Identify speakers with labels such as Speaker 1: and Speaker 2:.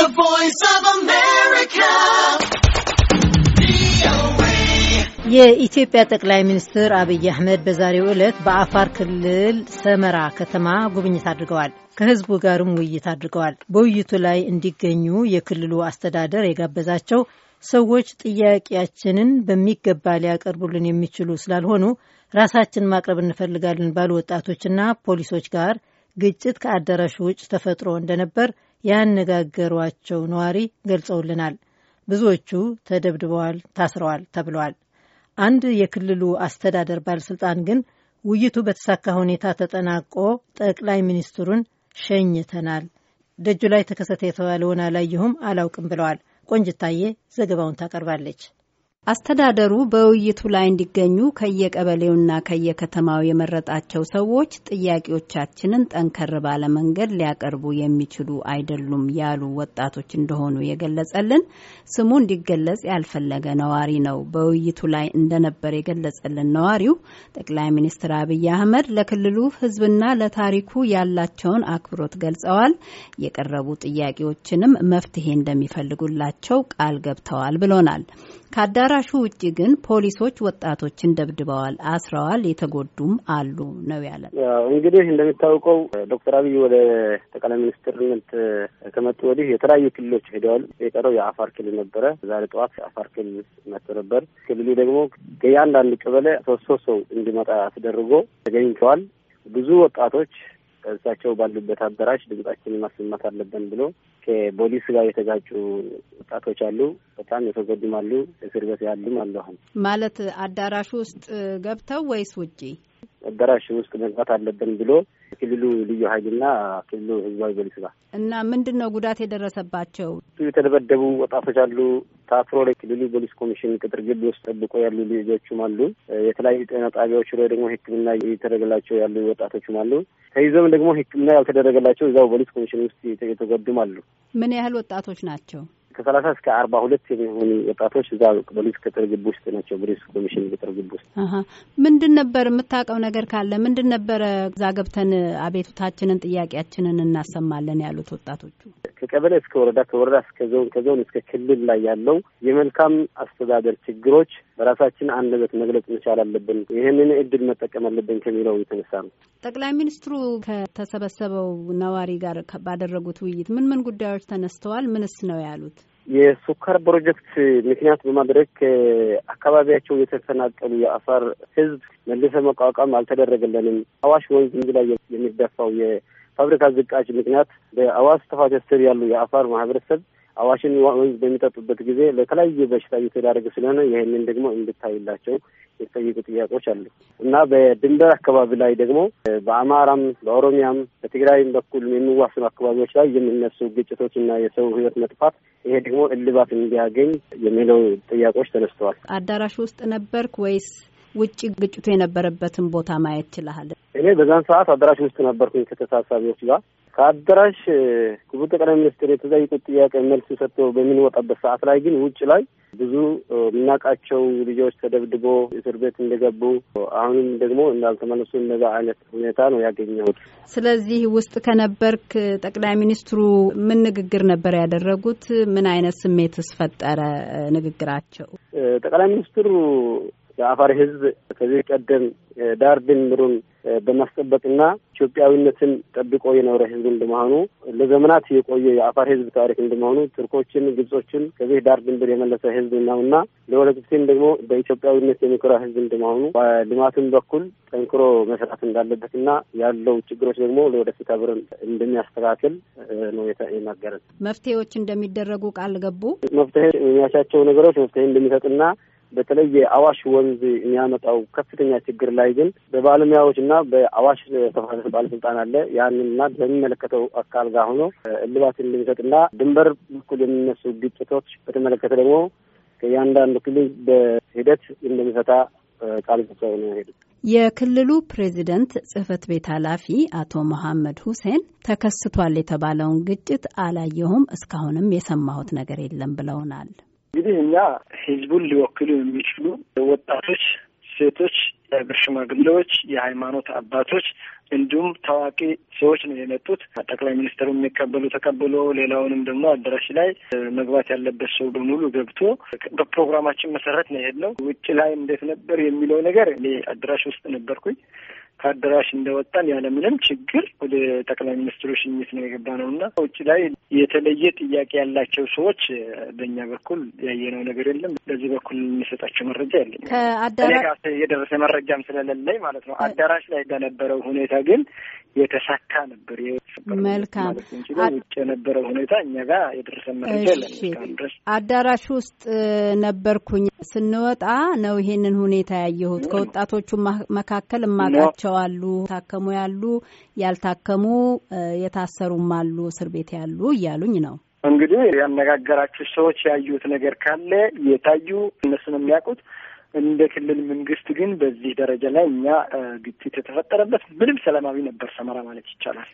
Speaker 1: The Voice of America. የኢትዮጵያ ጠቅላይ ሚኒስትር አብይ አህመድ በዛሬው ዕለት በአፋር ክልል ሰመራ ከተማ ጉብኝት አድርገዋል። ከህዝቡ ጋርም ውይይት አድርገዋል። በውይይቱ ላይ እንዲገኙ የክልሉ አስተዳደር የጋበዛቸው ሰዎች ጥያቄያችንን በሚገባ ሊያቀርቡልን የሚችሉ ስላልሆኑ ራሳችን ማቅረብ እንፈልጋለን ባሉ ወጣቶችና ፖሊሶች ጋር ግጭት ከአዳራሹ ውጭ ተፈጥሮ እንደነበር ያነጋገሯቸው ነዋሪ ገልጸውልናል። ብዙዎቹ ተደብድበዋል፣ ታስረዋል ተብለዋል። አንድ የክልሉ አስተዳደር ባለሥልጣን ግን ውይይቱ በተሳካ ሁኔታ ተጠናቆ ጠቅላይ ሚኒስትሩን ሸኝተናል፣ ደጁ ላይ ተከሰተ የተባለውን አላየሁም፣ አላውቅም ብለዋል። ቆንጅታዬ ዘገባውን ታቀርባለች። አስተዳደሩ በውይይቱ ላይ እንዲገኙ ከየቀበሌውና ከየከተማው የመረጣቸው ሰዎች ጥያቄዎቻችንን ጠንከር ባለ መንገድ ሊያቀርቡ የሚችሉ አይደሉም ያሉ ወጣቶች እንደሆኑ የገለጸልን ስሙ እንዲገለጽ ያልፈለገ ነዋሪ ነው። በውይይቱ ላይ እንደነበር የገለጸልን ነዋሪው ጠቅላይ ሚኒስትር አብይ አህመድ ለክልሉ ሕዝብና ለታሪኩ ያላቸውን አክብሮት ገልጸዋል። የቀረቡ ጥያቄዎችንም መፍትሄ እንደሚፈልጉላቸው ቃል ገብተዋል ብሎናል። ከአዳራሹ ውጭ ግን ፖሊሶች ወጣቶችን ደብድበዋል፣ አስረዋል፣ የተጎዱም አሉ ነው ያለ።
Speaker 2: እንግዲህ እንደሚታወቀው ዶክተር አብይ ወደ ጠቅላይ ሚኒስትርነት ከመጡ ወዲህ የተለያዩ ክልሎች ሄደዋል። የቀረው የአፋር ክልል ነበረ። ዛሬ ጠዋት የአፋር ክልል መጥቶ ነበር። ክልሉ ደግሞ ከእያንዳንዱ ቀበሌ ሶስት ሰው እንዲመጣ ተደርጎ ተገኝተዋል። ብዙ ወጣቶች እሳቸው ባሉበት አዳራሽ ድምጻችንን ማሰማት አለብን ብሎ ከፖሊስ ጋር የተጋጩ ወጣቶች አሉ። በጣም የተጎዱም አሉ። እስር ቤት ያሉም አሉ። አሁን
Speaker 1: ማለት አዳራሹ ውስጥ ገብተው ወይስ ውጪ?
Speaker 2: አዳራሹ ውስጥ መግባት አለብን ብሎ ክልሉ ልዩ ኃይልና ክልሉ ህዝባዊ ፖሊስ ጋር
Speaker 1: እና ምንድን ነው ጉዳት የደረሰባቸው?
Speaker 2: የተደበደቡ ወጣቶች አሉ። ታፍሮ ለክልሉ ፖሊስ ኮሚሽን ቅጥር ግቢ ውስጥ ጠብቆ ያሉ ልጆችም አሉ። የተለያዩ ጤና ጣቢያዎች ላይ ደግሞ ሕክምና እየተደረገላቸው ያሉ ወጣቶችም አሉ። ከይዘም ደግሞ ሕክምና ያልተደረገላቸው እዛው ፖሊስ ኮሚሽን ውስጥ የተጎዱም አሉ።
Speaker 1: ምን ያህል ወጣቶች ናቸው?
Speaker 2: ከሰላሳ እስከ አርባ ሁለት የሚሆኑ ወጣቶች እዛ ፖሊስ ቅጥር ግቢ ውስጥ ናቸው። ፖሊስ ኮሚሽን ቅጥር ግቢ ውስጥ
Speaker 1: ምንድን ነበር የምታውቀው ነገር ካለ ምንድን ነበረ? እዛ ገብተን አቤቱታችንን ጥያቄያችንን እናሰማለን ያሉት ወጣቶቹ
Speaker 2: ከቀበሌ እስከ ወረዳ፣ ከወረዳ እስከ ዞን፣ ከዞን እስከ ክልል ላይ ያለው የመልካም አስተዳደር ችግሮች በራሳችን አንደበት መግለጽ መቻል አለብን፣ ይህንን እድል መጠቀም አለብን ከሚለው የተነሳ ነው።
Speaker 1: ጠቅላይ ሚኒስትሩ ከተሰበሰበው ነዋሪ ጋር ባደረጉት ውይይት ምን ምን ጉዳዮች ተነስተዋል? ምንስ ነው ያሉት?
Speaker 2: የሱካር ፕሮጀክት ምክንያት በማድረግ አካባቢያቸው የተፈናቀሉ የአፋር ህዝብ መልሰ መቋቋም አልተደረገለንም። አዋሽ ወንዝ ላይ የሚደፋው የፋብሪካ ዝቃጭ ምክንያት በአዋሽ ተፋሰስ ስር ያሉ የአፋር ማህበረሰብ አዋሽን ወንዝ በሚጠጡበት ጊዜ ለተለያየ በሽታ እየተዳረገ ስለሆነ ይህንን ደግሞ እንድታይላቸው የተጠየቁ ጥያቄዎች አሉ እና በድንበር አካባቢ ላይ ደግሞ በአማራም በኦሮሚያም በትግራይም በኩል የሚዋስኑ አካባቢዎች ላይ የሚነሱ ግጭቶች እና የሰው ሕይወት መጥፋት ይሄ ደግሞ እልባት እንዲያገኝ የሚለው ጥያቄዎች ተነስተዋል።
Speaker 1: አዳራሽ ውስጥ ነበርክ ወይስ ውጭ ግጭቱ የነበረበትን ቦታ ማየት ችላሃል?
Speaker 2: እኔ በዛን ሰዓት አዳራሽ ውስጥ ነበርኩኝ ከተሳሳቢዎች ጋር ከአዳራሽ ክቡር ጠቅላይ ሚኒስትር የተጠየቁት ጥያቄ መልስ ሰጥቶ በምንወጣበት ሰዓት ላይ ግን ውጭ ላይ ብዙ የምናውቃቸው ልጆች ተደብድቦ እስር ቤት እንደገቡ አሁንም ደግሞ እንዳልተመለሱ እነዛ አይነት ሁኔታ ነው
Speaker 1: ያገኘሁት። ስለዚህ ውስጥ ከነበርክ ጠቅላይ ሚኒስትሩ ምን ንግግር ነበር ያደረጉት? ምን አይነት ስሜትስ ፈጠረ ንግግራቸው?
Speaker 2: ጠቅላይ ሚኒስትሩ የአፋር ህዝብ ከዚህ ቀደም ዳር ድንበሩን በማስጠበቅና ኢትዮጵያዊነትን ጠብቆ የኖረ ህዝብ እንደመሆኑ ለዘመናት የቆየ የአፋር ህዝብ ታሪክ እንደመሆኑ ቱርኮችን፣ ግብጾችን ከዚህ ዳር ድንበር የመለሰ ሕዝብ ነውና ለወደፊትም ደግሞ በኢትዮጵያዊነት የሚኮራ ህዝብ እንደመሆኑ በልማትም በኩል ጠንክሮ መስራት እንዳለበትና ያለው ችግሮች ደግሞ ለወደፊት አብረን እንደሚያስተካክል ነው የናገረን።
Speaker 1: መፍትሄዎች እንደሚደረጉ ቃል ገቡ።
Speaker 2: መፍትሄ የሚያሻቸው ነገሮች መፍትሄ እንደሚሰጥና በተለይ የአዋሽ ወንዝ የሚያመጣው ከፍተኛ ችግር ላይ ግን በባለሙያዎች እና በአዋሽ ተፋሰስ ባለስልጣን አለ ያንንና በሚመለከተው አካል ጋር ሆኖ እልባት እንድንሰጥና ድንበር በኩል የሚነሱ ግጭቶች በተመለከተ ደግሞ ከእያንዳንዱ ክልል በሂደት እንደሚፈታ ቃል ሰው ነው ሄዱ።
Speaker 1: የክልሉ ፕሬዚደንት ጽህፈት ቤት ኃላፊ አቶ መሐመድ ሁሴን ተከስቷል የተባለውን ግጭት አላየሁም፣ እስካሁንም የሰማሁት ነገር የለም ብለውናል።
Speaker 3: እንግዲህ እኛ ህዝቡን ሊወክሉ የሚችሉ ወጣቶች፣ ሴቶች፣ የሀገር ሽማግሌዎች፣ የሃይማኖት አባቶች እንዲሁም ታዋቂ ሰዎች ነው የመጡት። ጠቅላይ ሚኒስትሩ የሚቀበሉ ተቀብሎ ሌላውንም ደግሞ አዳራሽ ላይ መግባት ያለበት ሰው በሙሉ ገብቶ በፕሮግራማችን መሰረት ነው የሄድነው። ውጭ ላይ እንዴት ነበር የሚለው ነገር እኔ አዳራሽ ውስጥ ነበርኩኝ። ከአዳራሽ እንደወጣን ያለምንም ችግር ወደ ጠቅላይ ሚኒስትሩ ሽኝት ነው የገባ ነው እና ውጭ ላይ የተለየ ጥያቄ ያላቸው ሰዎች በእኛ በኩል ያየነው ነገር የለም። በዚህ በኩል የሚሰጣቸው መረጃ የለኝም።
Speaker 1: ከአዳራሽ
Speaker 3: የደረሰ መረጃም ስለሌለኝ ማለት ነው። አዳራሽ ላይ በነበረው ሁኔታ ግን የተሳካ ነበር።
Speaker 1: መልካም ውጭ
Speaker 3: የነበረው ሁኔታ እኛ ጋር የደረሰ
Speaker 1: መረጃ የለም። አዳራሽ ውስጥ ነበርኩኝ። ስንወጣ ነው ይሄንን ሁኔታ ያየሁት። ከወጣቶቹ መካከል እማቃቸው አሉ፣ ታከሙ ያሉ፣ ያልታከሙ የታሰሩም አሉ፣ እስር ቤት ያሉ እያሉኝ ነው።
Speaker 3: እንግዲህ ያነጋገራችሁ ሰዎች ያዩት ነገር ካለ የታዩ እነሱን የሚያውቁት እንደ ክልል መንግስት ግን በዚህ ደረጃ ላይ እኛ ግጭት የተፈጠረበት ምንም ሰላማዊ ነበር ሰመራ ማለት ይቻላል።